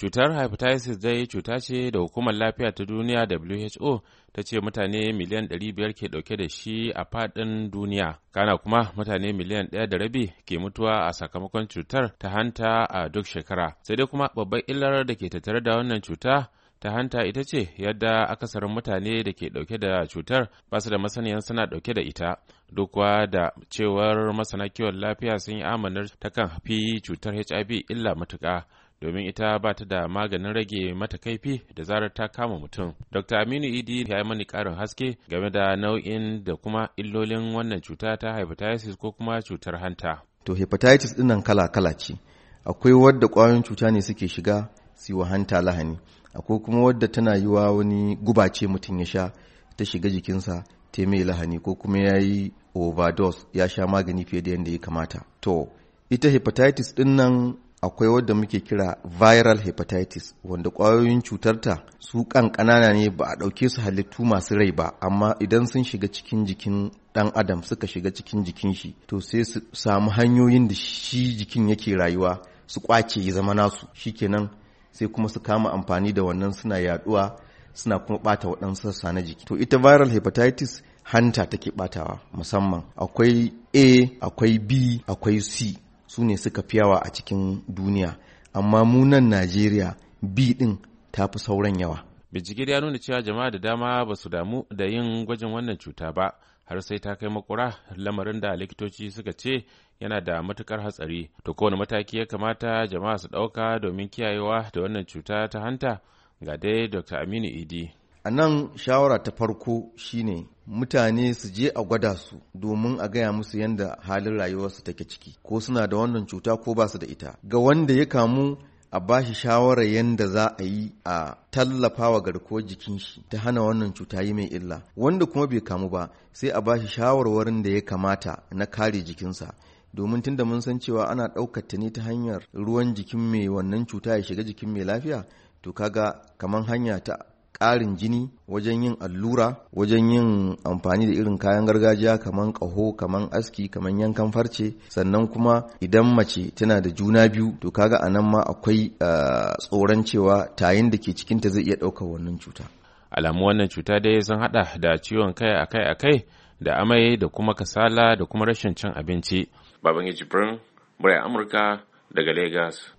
Cutar hepatitis dai cuta ce da hukumar lafiya ta duniya WHO ta ce mutane miliyan 500 ke dauke da shi a fadin duniya. Kana kuma mutane miliyan ɗaya da rabi ke mutuwa a sakamakon cutar ta hanta a duk shekara. Sai dai kuma babbar illar da ke tattare da wannan cuta ta hanta ita ce yadda akasarin mutane da ke dauke da cutar ba su da masaniyan suna dauke da ita duk da cewar masana kiwon lafiya sun yi amanar ta kan fi cutar hiv illa matuka. domin ita ba ta da maganin rage mata kaifi da zarar ta kama mutum. Dr. Aminu Idi ya yi mani karin haske game da nau'in da kuma illolin wannan cuta ta hepatitis ko kuma cutar hanta. To hepatitis dinnan kala-kala ce. Akwai wadda ƙwayoyin cuta ne suke shiga su hanta lahani. Akwai kuma wadda tana yiwa wani guba ce mutum ya sha ta shiga jikinsa ta mai lahani ko kuma ya yi overdose ya sha magani fiye da yadda ya kamata. To ita hepatitis dinnan akwai wadda muke kira viral hepatitis wanda kwayoyin cutarta su kan ne ba a ɗauke su halittu masu rai ba amma idan sun shiga cikin jikin ɗan adam suka shiga cikin jikin shi to sai su samu hanyoyin da shi jikin yake rayuwa su kwace ya zama nasu shi shikenan sai kuma su kama amfani da wannan suna yaɗuwa suna kuma ɓata waɗansu sassa na jiki to ita viral hepatitis hanta take batawa musamman akwai a akwai b akwai c su ne suka fi yawa a cikin duniya amma munan najeriya bi din ta fi sauran yawa bincike ya nuna cewa jama'a da dama ba su damu da yin gwajin wannan cuta ba har sai ta kai makura lamarin da likitoci suka ce yana da matukar hatsari to kowane mataki ya kamata jama'a su ɗauka domin kiyayewa da wannan cuta ta hanta ga dai dr aminu idi A nan shawara ta farko shine mutane su je a gwada su domin a gaya musu yadda halin rayuwarsu take ciki ko suna da wannan cuta ko ba su da ita. Ga wanda ya kamu a ba shi shawara yadda za a yi a tallafa wa garkuwar jikin shi ta hana wannan cuta yi mai illa wanda kuma bai kamu ba sai a ba shi shawarwarin da ya kamata na kare jikinsa domin tunda mun san cewa ana ɗaukar ta ne ta hanyar ruwan jikin mai wannan cuta ya shiga jikin mai lafiya to kaga kamar hanya ta ƙarin jini wajen yin allura wajen yin amfani da irin kayan gargajiya kaman ƙaho kaman aski kamar yankan farce sannan kuma idan mace tana da juna biyu to kaga a nan ma akwai tsoron cewa tayin da ke cikinta zai iya ɗaukar wannan cuta alamu wannan cuta dai sun haɗa da ciwon kai akai akai da amai da kuma kasala da kuma rashin cin abinci babangiji burin murai amurka daga Legas.